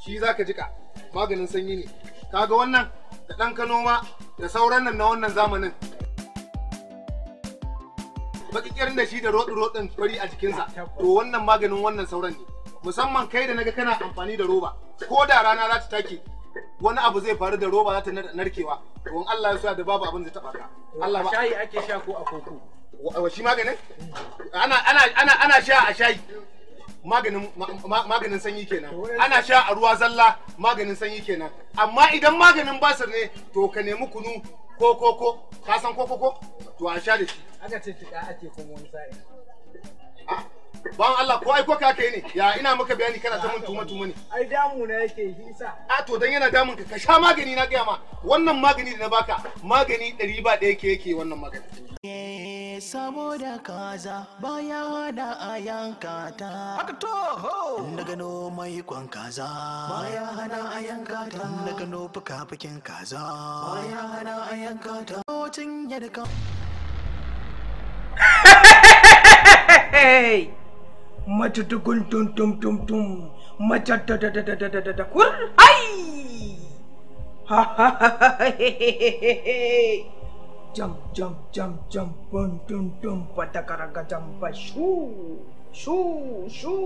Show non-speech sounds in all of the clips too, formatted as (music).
shi za ka jika maganin sanyi ne kaga wannan da ɗan ka noma da sauran nan na wannan zamanin baƙiƙirin da shi da roɗin-roɗin fari a jikinsa to wannan maganin wannan sauran ne musamman kai da naga kana amfani da roba ko da rana za ta take wani abu zai faru da roba za ta narkewa in Allah ya sa da babu abin zai ta ka Allah ba shayi ake sha ko a koko wa shi maganin ana ana ana ana sha a shayi maganin sanyi kenan ana sha a ruwa zalla maganin sanyi kenan amma idan maganin basir ne to ka nemi kunu ko ko ko ka san ko ko ko to a sha da shi aka ce ake kuma wani sa'i Ban Allah ko ai ko ka kai ne ya ina maka bayani kana ta mun tuma tuma ne. Ai damu na yake hisa A to dan yana damun ka ka sha magani na gaya ma wannan magani da na baka magani ɗari ba ɗaya ke yake wannan magani. saboda kaza baya da a yanka ta haka to ho na gano mai kwan kaza baya hana a yanka ta gano fuka-fukin kaza baya hana a yanka ta hotun yadda ka Hey! matutukun tum tum tum tum matatatatatatatatatakur hai ha ha ha ha jump jump jump jump bun tum tum patakaraga jumpa shu shoo shu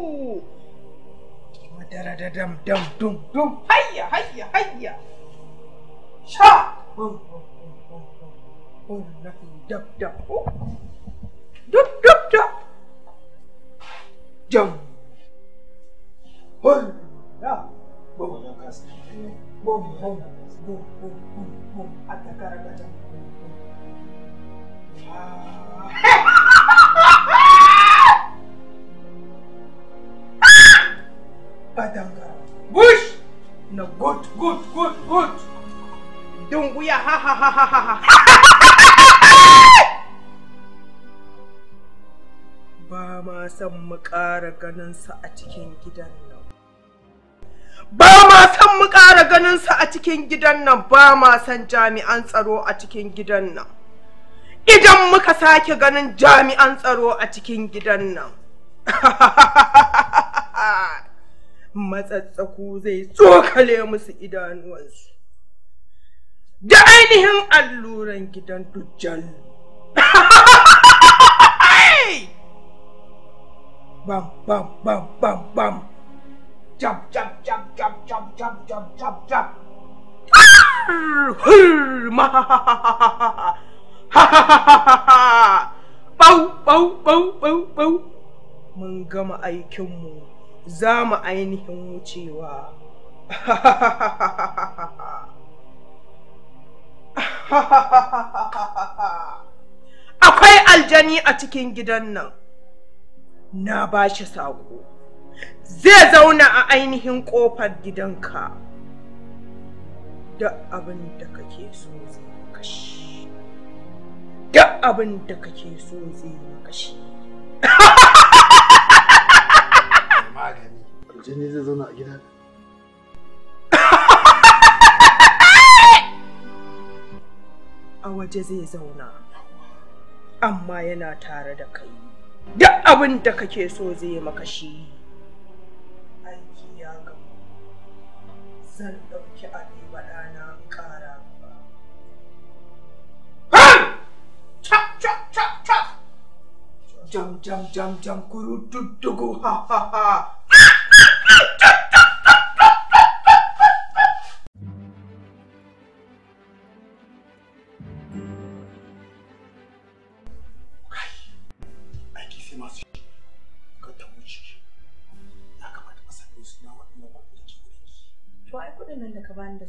madaradam dum dum dum hayya hayya hayya sha bum bum bum bum bum bum dab dab oh jam hol ya bom bom bom bom bom bom atakara gada ah. Badanga. Bush! No, good, good, good, good. Dunguya, ha ha ha ha ha ha. (laughs) ba ma san mu ƙara ganin a cikin gidan nan ba ma san mu ƙara ganin a cikin gidan nan ba ma san jami'an tsaro a cikin gidan nan idan muka sake ganin jami'an tsaro a cikin gidan nan (laughs) matsatsaku zai tsokale musu idanuwansu da ainihin alluran gidan dujjalu bam bam bam bam bam chop chop chop chop chop chop chop chop chop ha ha ha ha ha ha ha ha bau bau bau bau bau mun gama aikinmu za mu ainihin wucewa (laughs) akwai aljani a cikin gidan nan na ba shi saƙo zai zauna a ainihin ƙofar gidanka da abin da kake so zai maka da abin da kake so zai maka magani jini zai zauna a gidan a waje zai zauna amma yana tare da kai duk abin da kake so zai maka shi aiki ya gama zan ɗauki arewa ɗana ƙara jam jam jam jam kuru duddugu ha ha ha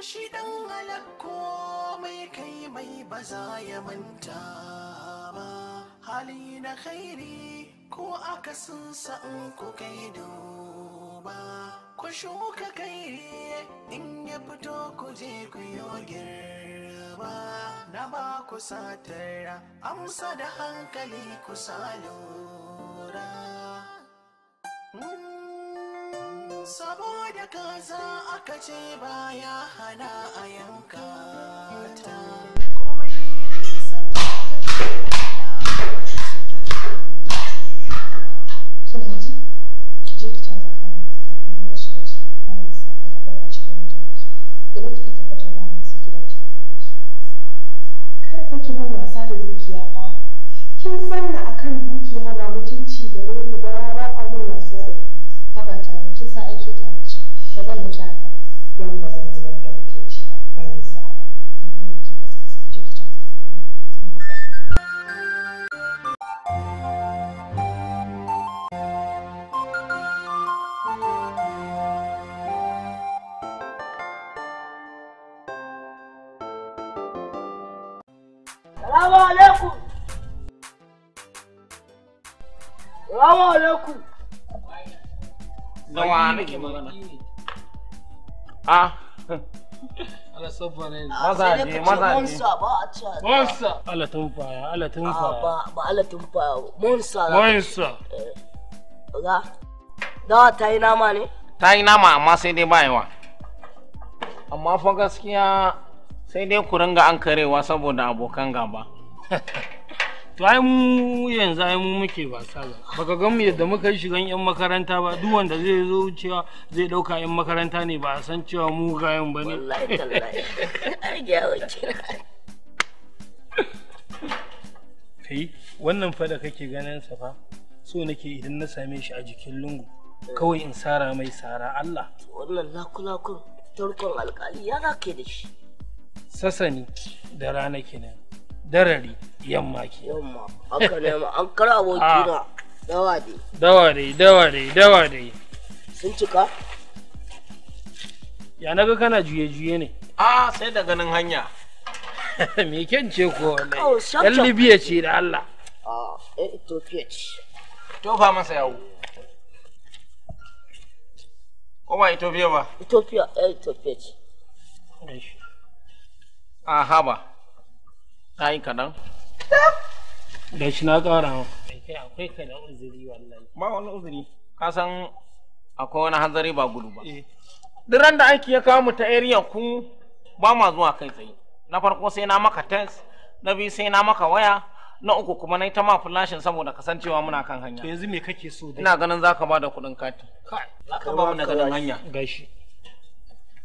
shi dan alakko mai kai mai ba za ya manta ba hali na khairi ko aka sun in ku kai ba ku shuka kairi in ya fito ku je ku yi ba na ba ku satara amsa da hankali ku salo saboda kaza aka ce baya hana a yanka ta rawa nake magana ah. a ala Maza ji, maza ji. monsa ba a ci monsa ala tumfaya ala Ah, ba ba ala tumfa. monsa monsa eh, ga Da ta yi nama ne ta yi nama amma sai dai ba yawa amma fa gaskiya sai dai ku ringa an karewa saboda abokan gaba (laughs) to ai mu yanzu ai mu muke ba ba baka ga mu yadda muka yi shigan yan makaranta ba duk wanda zai zo cewa zai dauka yan makaranta ne ba a san cewa mu ga yan bane wallahi tallahi kai wannan fa da kake ganin sa fa so nake idan na same shi a jikin lungu kawai in sara mai sara Allah wannan lakulakun tarkon alkali ya ga ke da shi sasani da rana kenan darari yamma ke yamma haka ne ma an kara abokina ah. dawa dai dawa dai dawa dai dawa dai sun cika ya naga kana juye juye ne a ah, sai da ganin hanya (laughs) me kyan ce ko wallahi oh, yan libiya ce da Allah a ah, eh, ethiopia ce tofa masa yawo ko ba ethiopia ba ethiopia eh, ethiopia ce A Haba. ta yi kaɗan da shi na ƙara akwai da uzuri wallahi ba wani uzuri ka san akwai wani hanzari ba gudu ba eh. duk ran da aiki ya kawo mu ta area ku ba ma zuwa kai tsaye na farko sai na maka test na biyu sai na maka waya na uku kuma na yi ta ma flashin saboda kasancewa muna kan hanya yanzu me kake so dai ina ganin zaka ba da kuɗin kati Ka ba mu na ganin hanya gashi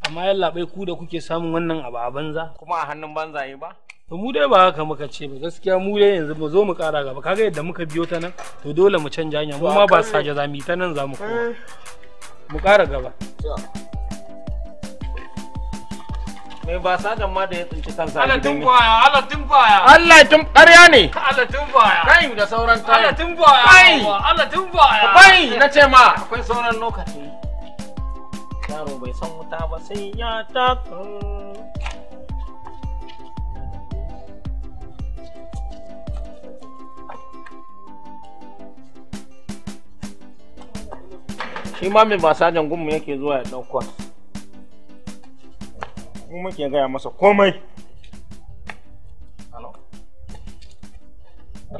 amma bai ku da kuke samun wannan abu a banza kuma a hannun banzaye ba to mu dai ba haka muka ce ba gaskiya mu dai yanzu mu zo mu kara gaba kaga yadda muka biyo ta nan to dole mu canja hanya mu ma ba saje za mu ta nan za mu koma eh. mu kara gaba mai ba sajan ma da ya tsinci kansa Allah tun baya Allah tun baya Allah tun ƙarya ne Allah tun baya kai da sauran ta Allah tun baya kai Allah tun baya kai na ce ma akwai sauran lokaci yaro bai san wuta ba sai ya taka shi ma mai masajan gunmu yake zuwa ya ɗau mu muke gaya masa komai Allah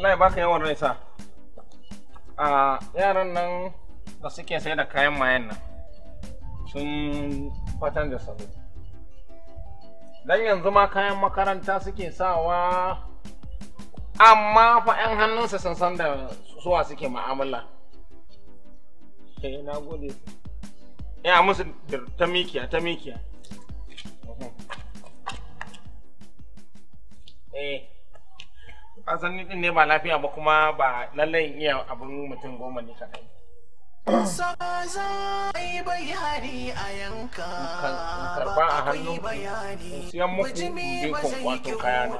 ya baka yawan rai sa a yaran nan da suke sai da kayan mayan nan sun fatan da sabo dan yanzu ma kayan makaranta suke sawa amma fa 'yan hannunsa sun san da suwa suke ma'amala Okay, eh, na gode. Ya musu ta mikiya, ta mikiya. Eh, an san ne ba lafiya ba kuma ba lallai iya abin mutum goma ne kaɗai. karba a hannu siyan muku binkon wato kaya na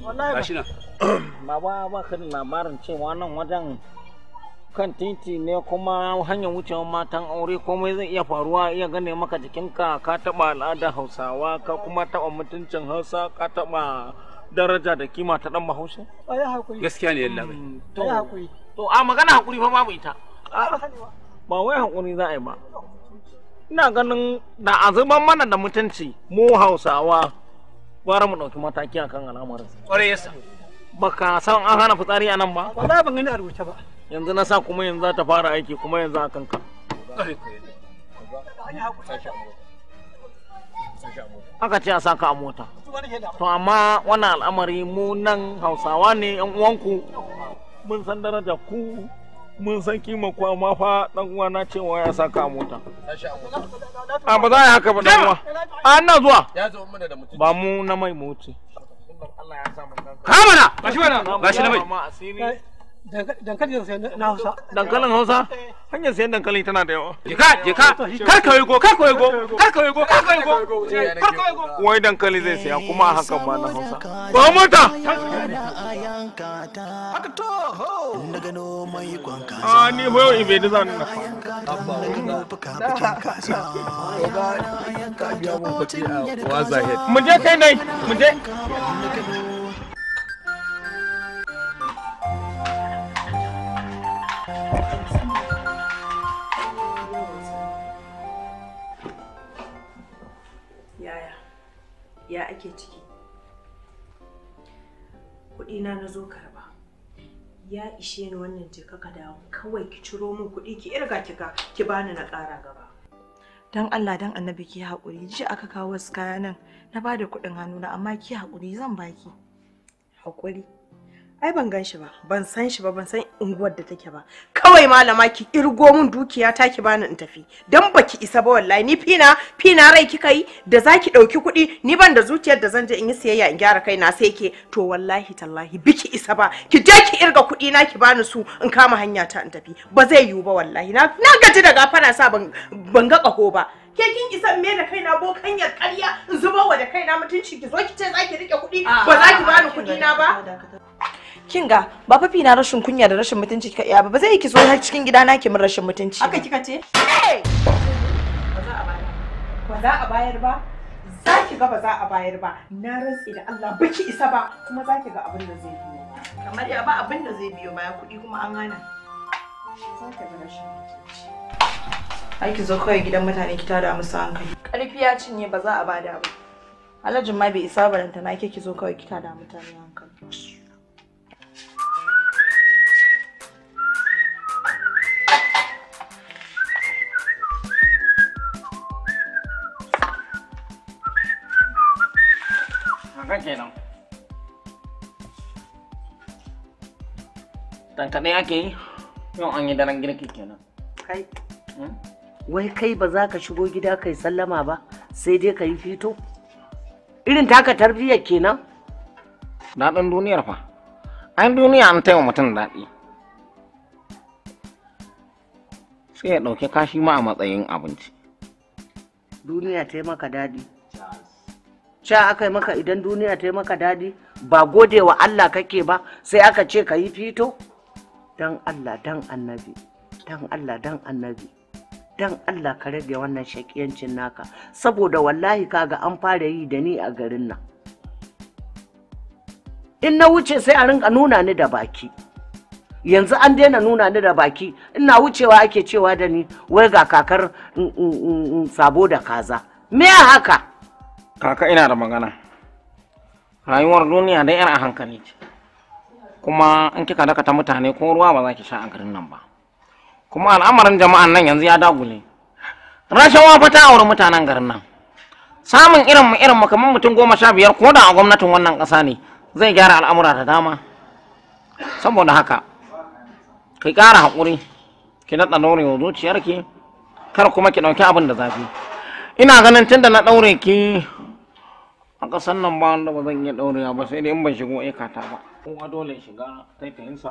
wallahi ba ba ba kan labarin cewa nan wajen kan titi ne kuma hanyar wucewa matan aure komai zai iya faruwa iya gane maka jikinka ka taba al'ada hausawa ka kuma taba mutuncin hausa ka taba daraja da kima ta dan bahaushe gaskiya ne yalla bai mm, to a magana hakuri fa babu ita ba wai hakuri za a yi ba ina ganin da azuban mana da mutunci mu hausawa fara mu ɗauki mataki akan al'amarin kwarai yasa baka san an hana fitsari a nan ba za ban gani a rubuce ba yanzu na sa kuma yanzu za ta fara aiki kuma yanzu akan ka aka ce a ka a mota to amma wannan al'amari mu nan hausawa ne yan uwanku mun san daraja ku mun san kima kuwa ma fa dan uwa na cewa ya saka mota a ba za a haka ba dan uwa a na zuwa ba mu na mai mota ha mana gashi mana gashi na mai dankalin hausa hanyar sayan dankalin tana da yawa jika jika kar ka wego kar ka wego kar ka wego kar ka wego kar ka wego wai dankali zai saya kuma a hakan ba na hausa ba mota haka to na a ni hoyo in bai zan na fa mu je kai nai mu je ya ake ciki kuɗina na zo karba ya ishe ni wannan je ka dawo kawai ki ciro min kuɗi ki irga ki ka ki bani na ƙara gaba dan Allah dan annabi ki haƙuri ji aka kawo wasu kaya nan na bada kuɗin na amma ki haƙuri zan baki haƙuri ai ban gan shi ba ban san shi ba ban san unguwar da take ba kawai malama ki irgo mun dukiya ta ki bani in tafi dan baki isa ba wallahi ni fina fina rai kika yi da zaki dauki kuɗi ni ban da zuciyar da zan je in yi siyayya in gyara kai na sai ke to wallahi tallahi biki isa ba ki je ki irga kudi na ki bani su in kama hanya ta in tafi ba zai yiwu ba wallahi na na gaji da gafara sa ban ban ga kaho ba ke kin isa me da kaina kanyar ƙarya in zuba wa da kaina mutunci ki zo ki ce zaki rike kuɗi ba za bani kuɗi na ba kin ga ba fafi na rashin kunya da rashin mutunci kika iya ba ba zai ki zo har cikin gidana ki min rashin mutunci haka kika ce ba za a bayar ba za ki ga ba za a bayar ba na rantsi da Allah baki isa ba kuma za ki ga abin da zai biyo kamar ya ba abin da zai biyo baya kuɗi kuma an hana za ki ga rashin mutunci ai ki zo kawai gidan mutane ki tada musu hankali ƙarfi ya cinye ba za a bada ba Alhaji ma bai isa baranta na ke ki zo kawai ki tada mutane hankali dan kaɗai ake yi yau an yi daren girki kenan kai hmm? wai kai ba za ka shigo gida kai sallama ba sai dai ka yi fito irin taka tarbiyyar kenan daɗin duniyar fa ai duniya an taiwa mutum daɗi sai ya ɗauki kashi ma a matsayin abinci duniya ta yi maka daɗi sha aka yi maka idan duniya ta yi maka daɗi ba gode wa allah kake ba sai aka ce ka yi fito dan Allah dan annabi dan Allah dan annabi dan Allah ka rage wannan shakiyancin naka saboda wallahi kaga an fara yi da ni a garin nan in na wuce sai a rinka nuna ni da baki yanzu an daina nuna ni da baki ina wucewa ake cewa da ni wai ga kakar mm, mm, mm, sabo da kaza me haka kaka ina da magana rayuwar duniya da yar a hankali ce kuma in kika ta mutane ko ruwa ba za ki sha a garin nan ba kuma al'amarin jama'an nan yanzu ya dagule rashawa fata ta wurin mutanen garin nan samun irin mu irin mu kamar mutum goma sha biyar ko da a gwamnatin wannan ƙasa ne zai gyara al'amura da dama saboda haka ki ƙara haƙuri ki daɗa ɗaurewa zuciyarki kar kuma ki ɗauki abin da zafi ina ganin tun da na ɗaure ki a ƙasar nan ba wanda ba zan iya ɗaurewa ba sai dai in ban shigo a ikata ba kowa dole shiga ta taitayinsa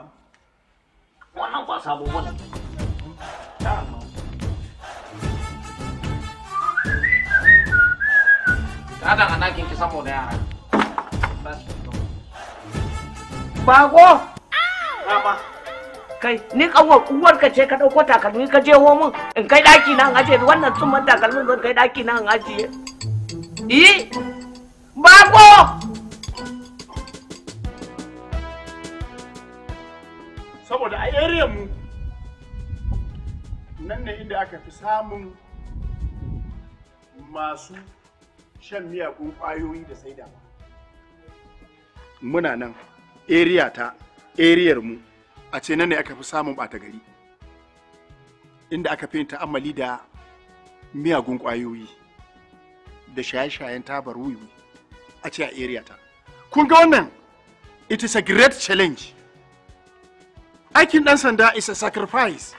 wannan ba sabo ba ne Adam a nakin ki saboda yara. Bago! Rama. Kai, ni kanwar ka ce ka dauko takalmi ka je homin in kai daki nan aje wannan tsumman takalmin zan kai daki nan aje ajiye. Yi! Bako! Saboda a area mu nan ne inda aka fi samun masu shan miyagun ƙwayoyi da saida ba. Muna nan, area ta, eriyar mu, a ce nan ne aka fi samun ɓata gari. Inda aka fi ta'ammali da miyagun ƙwayoyi da shaye-shayen tabar a ce a area ta kun ga wannan it is a great challenge aikin dan sanda is a sacrifice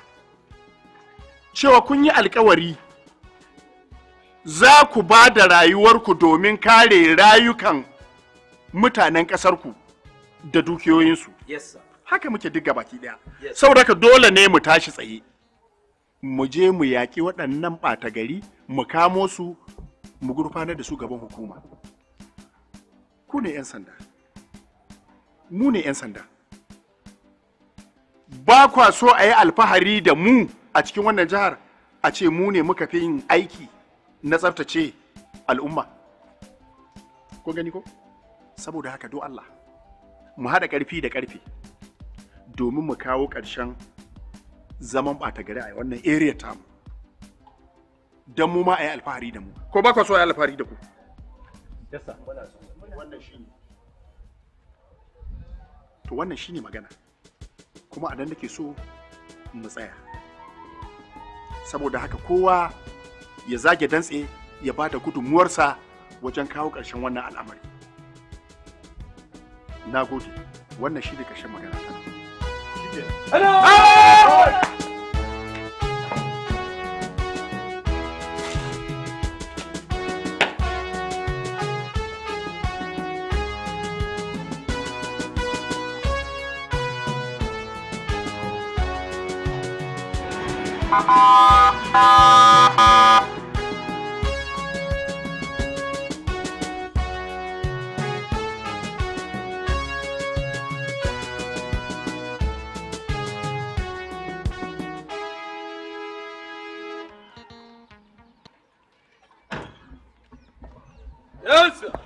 cewa kun yi alkawari za ku ba da rayuwarku domin kare rayukan mutanen ƙasarku da dukiyoyinsu yes, haka muke duk baki daya yes, saboda dole ne mu tashi tsaye mu je mu yaƙi waɗannan ɓata gari mu kamo su mu gurfanar da su gaban hukuma ku ne 'yan sanda mu ne 'yan sanda ba kwa so a yi alfahari da mu a cikin wannan jihar a ce mu ne muka fi yin aiki na tsaftace al'umma ko gani ko saboda haka do Allah mu haɗa ƙarfi da ƙarfi domin mu kawo ƙarshen zaman ɓata gari a wannan area mu don mu ma a yi alfahari da mu ko ba kwa so a yi alfahari da ku yes, wannan to wannan shi ne magana kuma a nan nake so mu tsaya saboda haka kowa ya zage dantse ya ba da gudunmuwarsa wajen kawo ƙarshen wannan al'amari na gode wannan shi ne ƙarshen magana ta Yes, sir.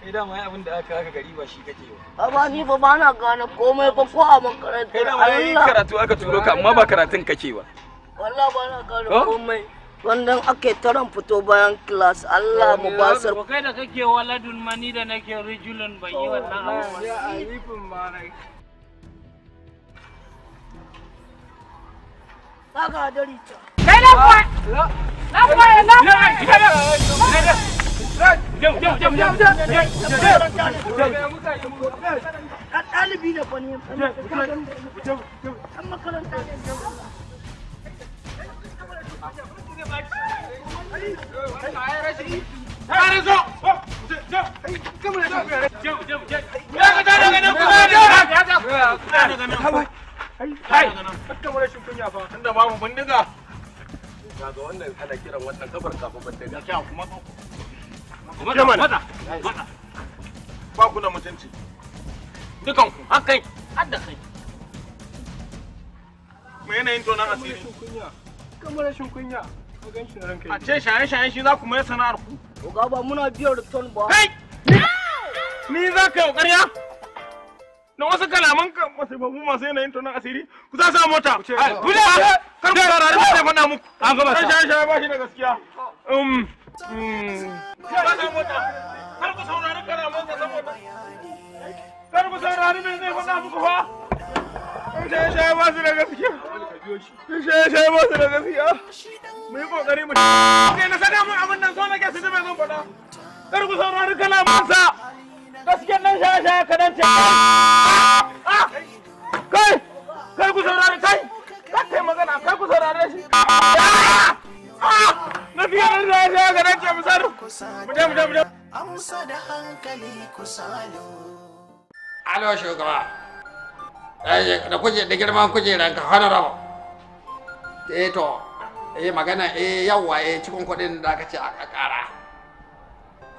kai dama ya abin da aka aka gari ba shi kake ba ba ni ba ba na gane komai ba ko a makarantar kai dama yayi karatu aka turo ka amma ba karatun kake ba wallahi ba na gane komai wannan ake taron fito bayan kilas Allah mu basar ko kai da kake waladun mani da nake rijulun ban yi wannan abu oh, ya alifin marai Saka dari ta. Kai na kuwa! Ah, na kuwa! Na kuwa! ɗalibi da kwani ɗan zo! babu bindiga. Ga ga wannan ana kiran wannan kafar kafin bandana. Ya kuma Maza, maza, maza. Ba ku da mutunci. Dukan ku, har kai, har da kai. yanayin asiri? Kamar rashin kunya. A ce shaye-shaye shi za ku mai sana'ar ku. Oga ba muna biyar ba. Kai! Ni za ka ƙarya? Na wasu kalaman masu yanayin asiri? Ku za sa mota. Ku ce, ku ba da faɗa muku. An ba da gaskiya. Hmm. Kar ku saurari karamansa saboda. Kar ku saurari zai faɗa muku fa. yi na sanar mun abin nan so nake su ji me zan faɗa. Kar ku saurari shaye shaye kadan ce. salo alo shugaba eh, da kuje da girman kujeran ka hana honorable eh to eh magana eh yawa eh cikin kuɗin da aka ce a ƙara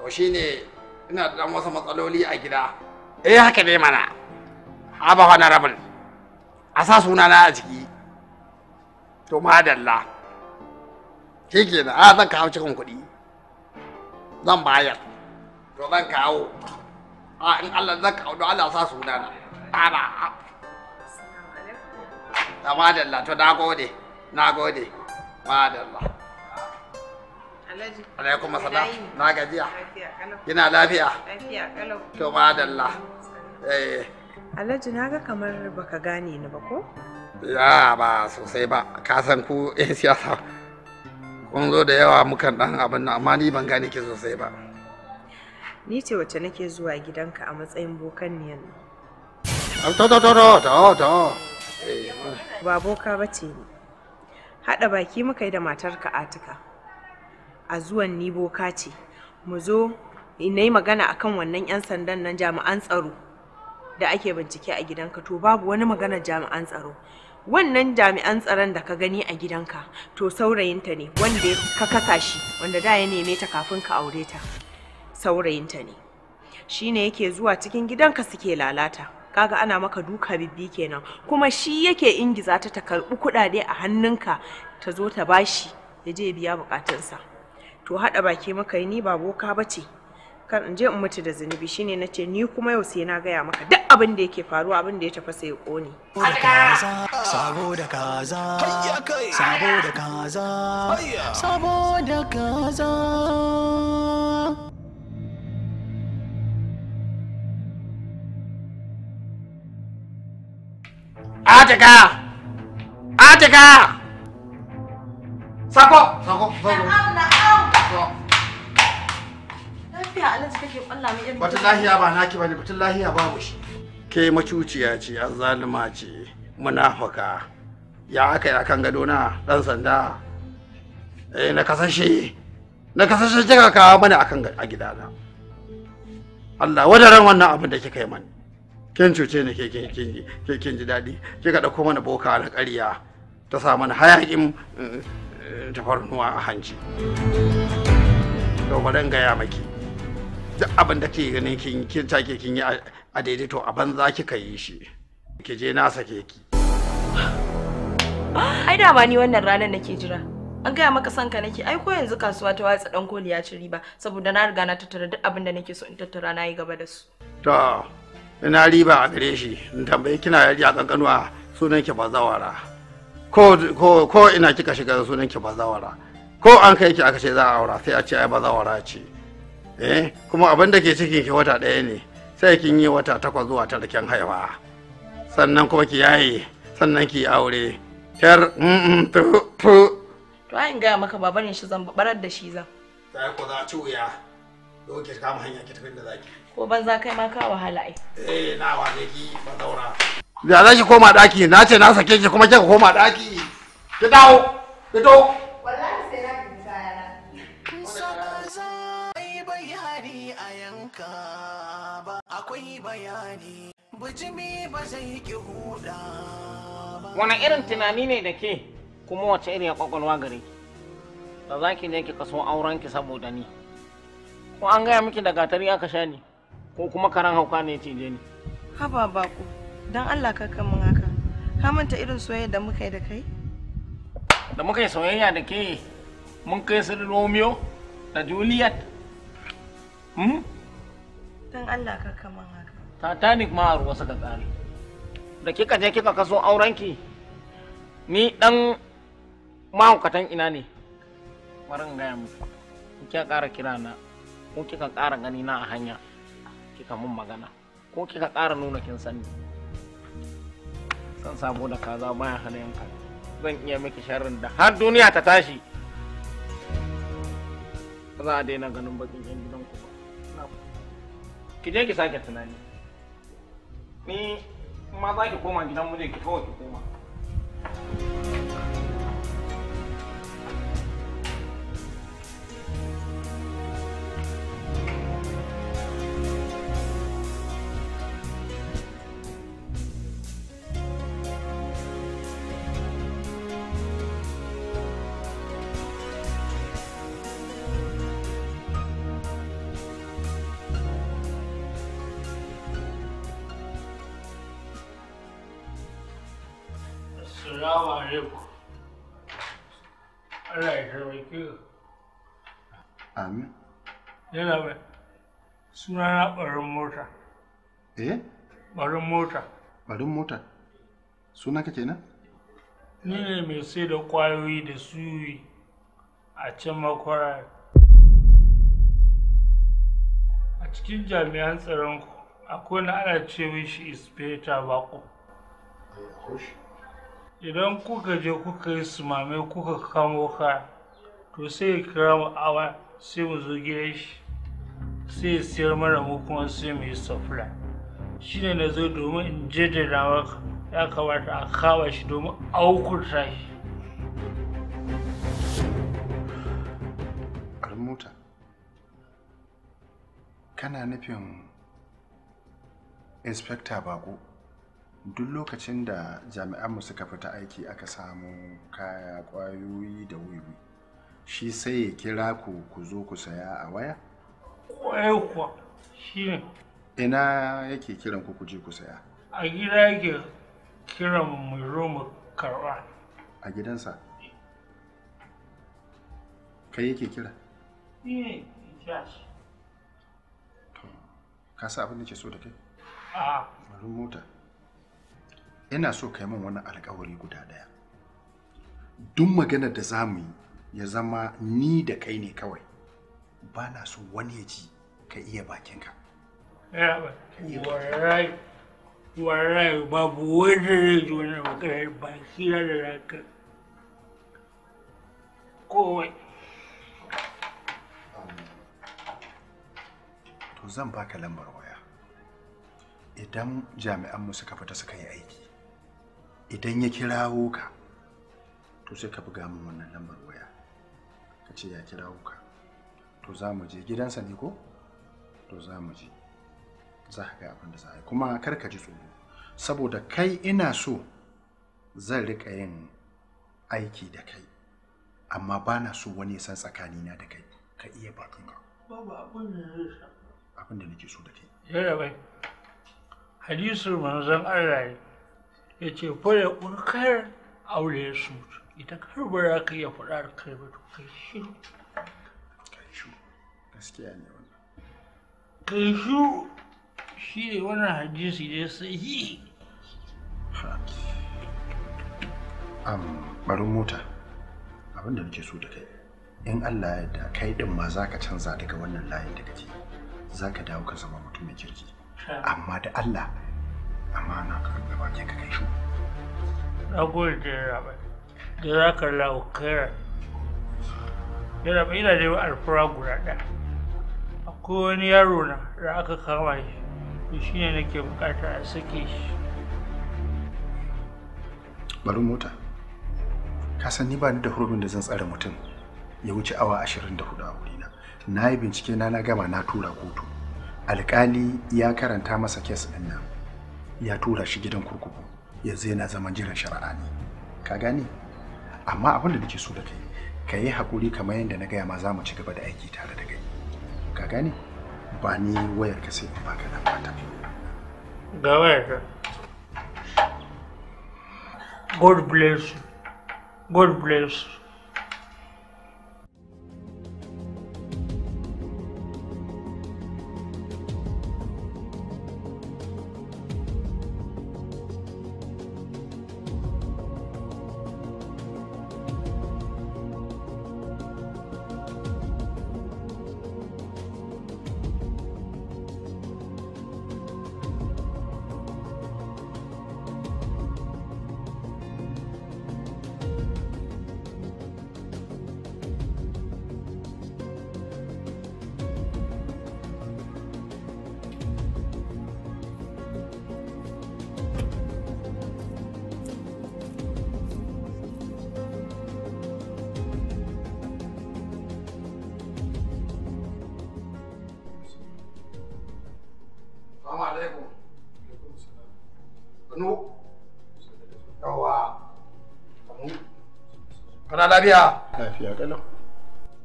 to shine ina da wasu matsaloli a gida eh haka ne mana haba honorable a sa sunana a jiki to madalla shi kenan a ah, zan kawo cikin kuɗi zan bayar to zan kawo a ah, in Allah zaka audu Allah sa sunana ana da ah. madalla to na gode na gode madalla alaikum assalam na gajiya kina lafiya to madalla eh alhaji na ga kamar baka gane ni ba ko ya ba sosai ba ka san ku yan eh, siyasa kun zo da yawa mukan dan abin amma ni ban gane ki sosai ba ni ce wacce nake zuwa gidanka a matsayin bokan ne yanzu eh, ba boka ba ce ni haɗa baki muka yi da matarka atika a zuwan ni boka ce mu zo na yi magana a kan wannan 'yan sandan nan jami'an tsaro da ake bincike a gidanka to babu wani magana jami'an tsaro wannan jami'an tsaron da ka gani a gidanka to saurayinta ne wanda ka kasa shi wanda da ya neme ta kafin ka aure ta saurayinta ne shi ne yake zuwa cikin gidanka suke lalata kaga ana maka duka bibbi kenan kuma shi yake ingiza ta ta karɓi kuɗaɗe a hannunka ta zo ta bashi ya je biya sa to haɗa baki maka ni ba boka ba ce kan in je in mutu da zunubi shine na ce ni kuma yau sai na gaya maka duk abin da yake faruwa abin da ya tafi sai ya kone. Sabo kaza. Atika! Atika! Sako! Sako! Sako! Lafiya Alhaji kake kwalla mai irin Batun lahiya ba naki ba ne, batun lahiya mu shi. Ke macuciya ce, azzaluma ce, munafaka. Ya aka yi akan gado na dan sanda. Eh na kasashe. Na kasashe kika kawo mana a gidana. Allah wadaran wannan abin da kika yi mani. ken cuce ne ke kin ji daɗi kika ɗauko mana boka na ƙarya ta sa hayaƙin eh, tafarnuwa a hanci to gaya maki duk abin da ke ganin kin kin take kin yi a daidaito a banza kika yi shi ki je na sake ki ai da ba ni wannan ranar nake jira an gaya maka sanka nake ai ko yanzu kasuwa ta watsa dan koliya ya ci riba saboda na riga na tattara duk abin da nake so in tattara na yi gaba da su to na riba a gare shi in tambayi kina yari a kankanuwa sunan ki bazawara ko ina kika shiga sunan ki bazawara ko an kai ki aka ce za a aura sai a ce ai bazawara ce eh kuma abin da ke cikin ki wata ɗaya ne sai kin yi wata takwas zuwa tara kin haifa sannan kuma ki yaye sannan ki aure yar to mm, mm, to to ai ga maka babanin shi zan barar da shi zan sai ko za a ci wuya ta kama hanya ki tafi da zaki ko banza kai ma ka wahala ai eh na wahala ki ba daura ya za ki koma daki na ce na sake ki kuma kika koma daki ki dawo fito wallahi sai na bi kayana akwai bayani ba zai ki huda wani irin tunani ne da ke kuma wace irin ya kwakwalwa gare ki da za ki je ki kaso auren ki saboda ni ko an gaya miki da gatari aka sha ni ko kuma karan hauka ne ya cije ni haba bako dan allah ka kan mun haka ka manta irin soyayya da muka yi da kai da muka yi soyayya da ke mun kai su romeo da juliet hmm? dan allah ka kan mun haka titanic ma a ruwa saka tsari da kika je kika kaso aurenki ni dan mahaukatan ina ne warin gaya muku kika kara kira na ko kika kara gani na a hanya kika mun magana ko kika ƙara nuna kin sani san sabo da kaza baya hana yanka zan iya miki sharrin da har duniya ta tashi za a daina ganin bakin yan gidan ku ba ki je ki sake tunani ni ma za ki koma gidan mu ne ki kawai ki koma thank you Yana bai, suna na ɓarin mota. Eh? Ɓarin mota. Ɓarin mota? Suna ka kenan? Ni ne mai sai da ƙwayoyi da suyi a can makwara. A cikin jami'an tsaron ku, akwai na ana ce mishi inspector bako. Eh, Idan kuka je kuka yi sumame kuka kamo ka, to sai kira mu awa sai mu zo gidan shi. sai siyar mara mu kuma sai mu yi safula shi ne na zo domin in jaddada maka ya kamata a kawo shi domin aukuta shi Karmuta, kana nufin inspector bako duk lokacin da jami'anmu suka fita aiki aka samu kaya kwayoyi da wiwi shi sai ya kira ku ku zo ku saya a waya? Kwaye kuwa shi ne. Ina yake kiran ku kuje ku saya? A gida yake kiran mu zo mu karɓa. A gidansa? Kai yake kira? Ni ya To, Ka sa abin da ke so da kai? A'a. Marin mota. Ina so kai min wani alkawari guda ɗaya. Duk maganar da za mu yi ya zama ni da kai ne kawai. ba na so wani ya ji ka iya bakinka. Warai, warai babu wanda zai zo na magana ba shi da raka. Kowai. To zan baka lambar waya. Idan jami'an mu suka fita suka yi aiki, idan ya kirawo ka, to sai ka buga min wannan lambar waya. Ka ce ya kirawo ka. to za mu je gidansa ne ko to za mu je za ka ga abin da za a yi kuma kar ka ji tsoro saboda kai ina so zan riƙa yin aiki da kai amma ba na so wani san tsakanina da kai ka iya bakin ka babu abin da zai sa abin da nake so da kai yara bai hadisul manzon Allah ya ce fara kurkar aure su ita kar karbara ka iya faɗa kai ba to kai shi gaskiya ne wannan kai shi ne wannan hadisi ne sahi am barin mota abin da nake so da kai in Allah ya da kai din ma za ka canza daga wannan layin da kake ka dawo ka zama mutum mai kirki amma da Allah amma na ka ba ke ka kai shu na gode da rabai da ka lawo kai rabai ina da alfura guda ɗaya akwai wani yaro na da aka kama shi to shine nake bukata a sake shi bari mota ka san ni ba ni da hurumin da zan tsare mutum ya wuce awa ashirin da hudu a wurina na yi bincike na na gama na tura kotu alkali ya karanta masa kes ɗin nan ya tura shi gidan kurkuku yanzu yana zaman jiran shari'a ne ka gane amma abin da nake so da kai ka yi haƙuri kamar yadda na gaya ma za mu ci gaba da aiki tare da gai. ka gane ba ni wayar ka sai ba ka dan fata ga wayar ka god bless you god bless you Kano. Yawa. Kana lafiya? Lafiya kalau.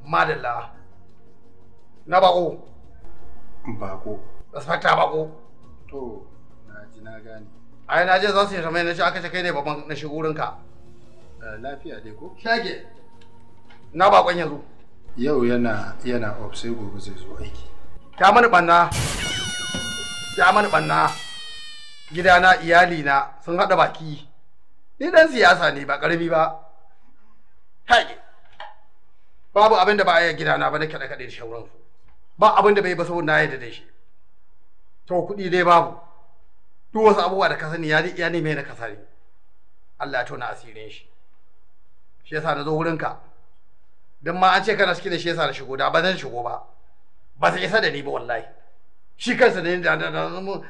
Madalla. Na bako. Bako. Respecta bako. To, na ji na gane. Ai na je za su yi tamai na shi aka ce kai ne babban na shigo wurinka. Eh, lafiya dai ko? Shage. Na bakon yanzu. Yau yana yana off gobe zai zo aiki. Ta mani banna. Ya mani banna. gidana iyalina sun haɗa baki ni dan siyasa ne ba ƙarami ba haƙe babu abin da ba a yi gidana ba na kaɗe-kaɗe da ba abin da bai ba saboda na yadda da shi to kuɗi dai babu duk wasu abubuwa da ka sani ya ya mai na ka sani Allah ya tona asirin shi shi yasa na zo wurinka don ma an ce kana ciki da shi yasa na shigo da ba zan shigo ba ba ta isa da ni ba wallahi shi kansa ne da da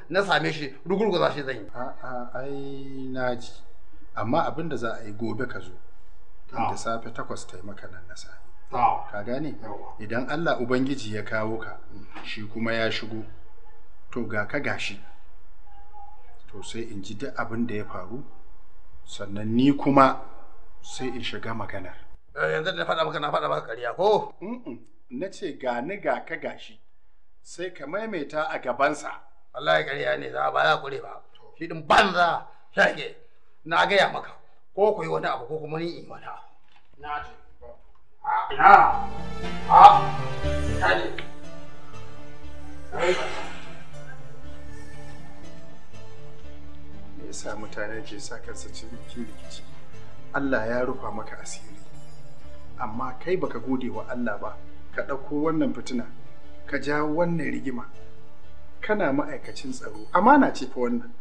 na same shi rugurguza shi zan yi a'a ai na ji amma abin da za a yi gobe ka zo da safe takwas ta yi maka nan na safe ka gane idan Allah ubangiji ya kawo ka shi kuma ya shigo to ga ka gashi to sai in ji duk abin da ya faru sannan ni kuma sai in shiga maganar eh, yanzu da na faɗa maka na faɗa maka ƙarya ko na ce ga ni ga ka gashi sai ka maimaita a gabansa ya ƙarya ne za ba za ku ba shi banza shage na gaya maka ko ku yi wani abu ko kuma ni in na ce Ha ina a ne. me yasa mutane ke sa kansa cikin rikici Allah ya rufa maka asiri amma kai baka gode wa Allah ba ka ɗauko wannan fitina ka jawo wannan rigima kana ma'aikacin tsaro amana ce fa wannan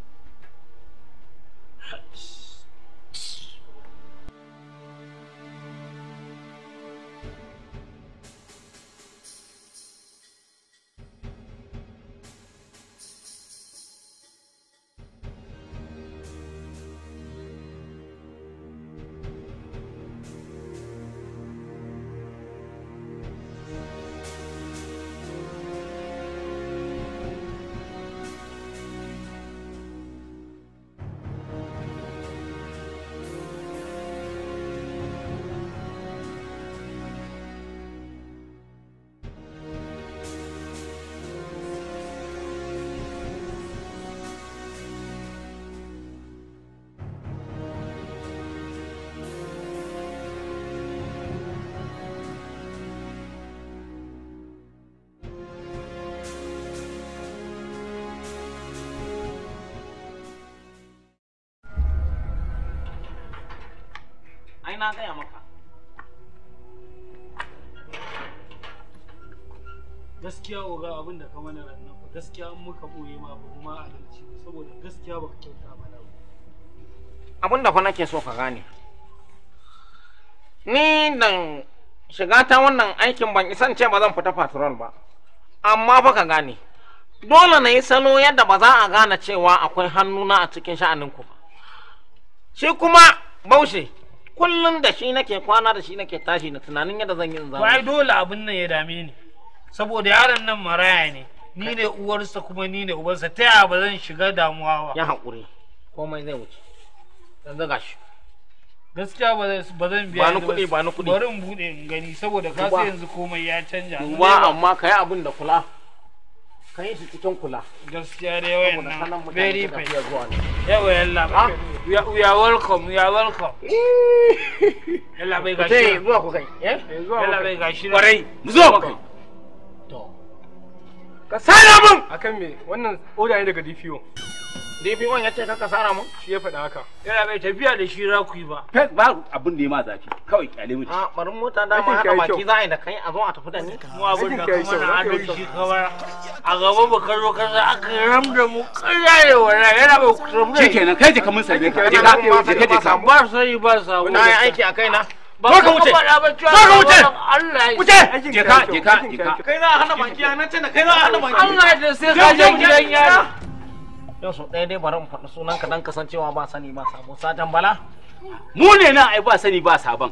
na gaya maka gaskiya oga abin da ka mana rannan fa gaskiya an muka boye ma ba ma adalci saboda gaskiya baka kyauta mana ba abin da fa nake so ka gane ni nan shiga ta wannan aikin ban isan ce ba zan fita patrol ba amma fa ka gane dole na yi salo yadda ba za a gane cewa akwai hannuna a cikin sha'anin ku ba shi kuma baushe kullum da shi nake kwana da shi nake tashi na tunanin yadda zan yi zama Wai dole abin nan ya dame ni saboda yaron nan maraya ne ni ne uwarsa kuma ni ne ubansa ta yaya ba zan shiga damuwa ba ya haƙuri komai zai wuce Yanzu ga shi gaskiya ba zan biya ni kuɗi ba ni kuɗi bari in bude in gani saboda ka sai yanzu komai ya canja duba amma ka yi abin da kula ka yi shi cikin kula gaskiya dai wayan nan very fine yawa yalla ba we are, we are welcome we are welcome yalla bai gashi zuwa ku kai eh, eh yalla bai gashi kwarai mu kai ka sara mun akan me wannan oda ne daga DPO DPO ya ce ka ka sara mun shi ya faɗa haka yana bai tafiya da shi za ku yi ba fes ba abin da ya ma zafi kawai kyale mu a barin mota da ma haka baki za a yi da kai a zo a tafi da ni mu abin da kuma na ado shi kawai a gaba ba ka zo kasa aka ramda mu kaya ya wara yana bai ku ram da shi kenan kai je ka mun sarbe ka je ka je ka ba sai ba sa wani aiki a kai na. ba ka wuce ba wuce wuce je ka je ka je ka kai na hana baki na ce na kai na hana baki Allah da sai ka gidan yaro yau so ɗaya dai bari mu faɗi sunan ka dan kasancewa ba sani ba sabo sajan bala mu ne na ai ba sani ba saban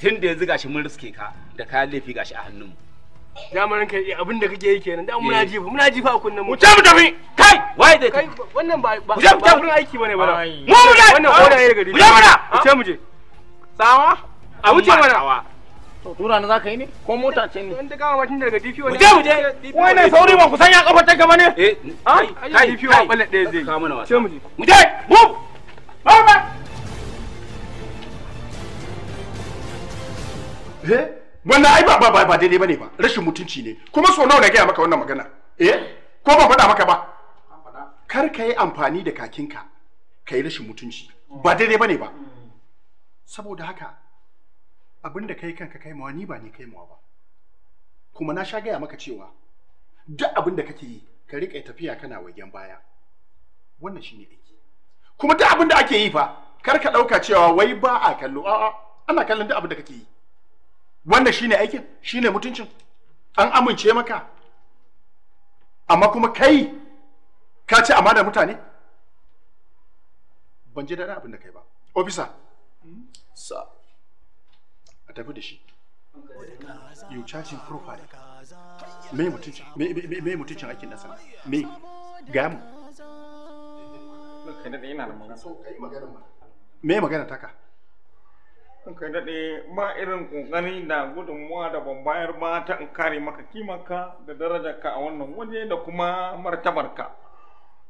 tun da yanzu gashi mun riske ka da kayan laifi gashi a hannun mu damarin kai abin da kake yi kenan da muna eh. jifa muna jifa a kunnen mu wuce mu tafi kai waye dai kai wannan ba ba wurin aiki bane ba mu mu wannan kodaye daga dai wuce mu je tsawa a wuce mana to tura na zaka yi ne ko mota ce ne inda kama mashin daga DPO ne muje muje wannan sauri ban kusan ya kafa ta gaba ne eh ai DPO a balle ɗaya zai ka mana wasa ce muje muje mu ba eh wannan ai ba ba ba daidai bane ba rashin mutunci ne kuma so nawa na gaya maka wannan magana eh ko ban faɗa maka ba kar ka yi amfani da kakinka ka yi rashin mutunci ba daidai bane ba hmm. saboda haka abin da kai kanka kai mawa ni ba ni kai mawa ba kuma na sha gaya maka cewa duk abin da kake yi ka riƙa tafiya kana wagen baya wannan shine aiki kuma duk abin da ake yi fa kar ka ɗauka cewa wai ba a kallo a'a ana kallon duk abin da kake yi wannan shine aikin shine mutuncin an amince maka amma kuma kai ka ce amana mutane ban ji daɗin abin da kai ba ofisa sir tafi da shi you charging profile me mutunci me mutuncin aikin nasa me ga mu kai da ina da magana so kai magana me magana taka kai daɗe ba irin ƙoƙari da gudunmuwa da bambayar ba ta in kare maka kimanka da darajarka a wannan waje da kuma martabarka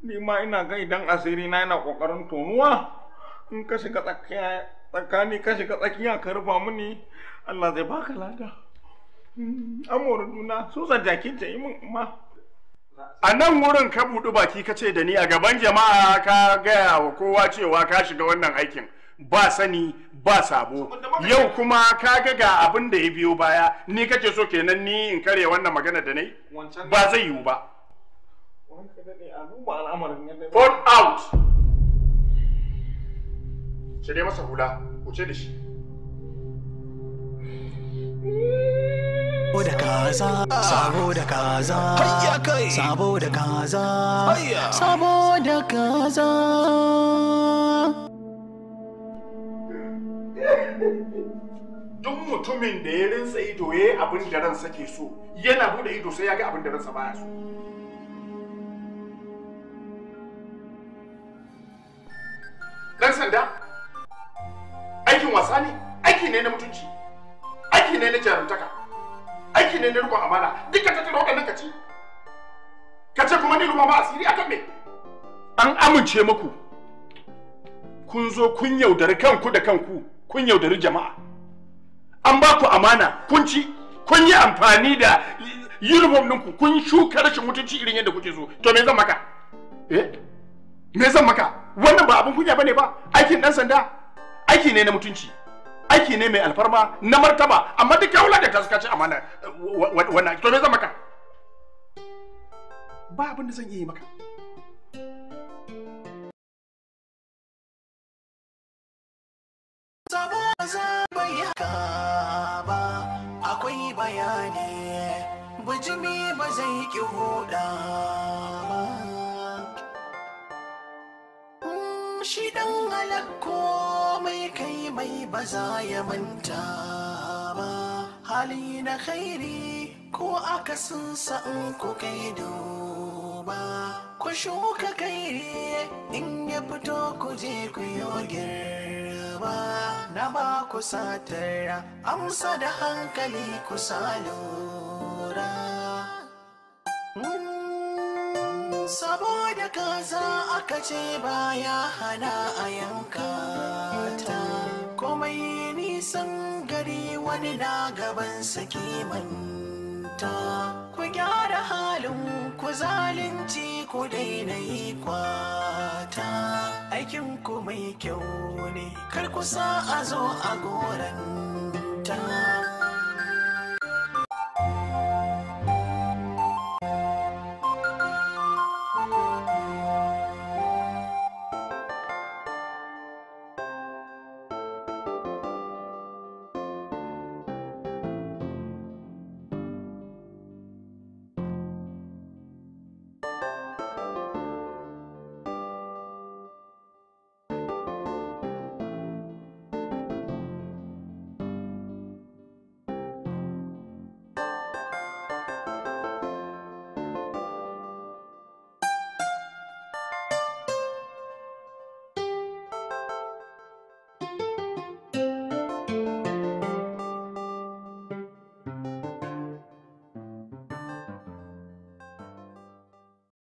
ni ma ina ga idan asiri na yana ƙoƙarin tonuwa in ka shiga tsakiya tsakani ka shiga tsakiya ka rufa mini Allah zai baka lada hmm, amoru duna so jakin ta yi ma a nan wurin ka buɗi baki ka ce da ni a gaban jama'a ka gaya wa kowa cewa ka shiga wannan aikin ba sani ba sabo yau kuma ka ga ga abin da ya biyo baya ni kace so kenan ni in kare wannan magana da nai ba zai yiwu ba Put out! cire masa hula wuce da shi Sabo da kaza, sabo da kaza, sabo da kaza, sabo da kaza. Duk mutumin da ya rinsa ido ya yi abin da ransa ke so, yana bude ido sai ya ga abin da ransa baya so. Dan sanda, aikin wasa ne aiki ne na mutunci aiki ne na jarumtaka aiki ne na rikon amana duka tattara tara ka ci ka ce kuma ni ruwa ma asiri akan me an amince muku kun zo kun yaudari kanku da kanku kun yaudari jama'a an ba ku amana kun ci kun yi amfani da uniform ɗinku kun shuka rashin mutunci irin yadda kuke so to me zan maka eh me zan maka wannan ba abin kunya bane ba aikin dan sanda aiki ne na mutunci aiki ne mai alfarma na martaba amma duk ya da ta suka ci amana wannan to me zan maka ba abin da zan iya yi maka akwai bayani ba zai mm, shi mai ba za ya manta ba hali na khairi ko aka akasin in ku kai duba ku shuka kairi in ya fito ku je ku ba na ba ku satara amsa da hankali ku salura hmm, saboda kaza aka ce baya hana a yanka ta komai nisan gari wani na gaban sakimanta ku gyara halin ku zalunci ku daina yi kwata aikin ku mai kyau ne kar ku sa a zo a goranta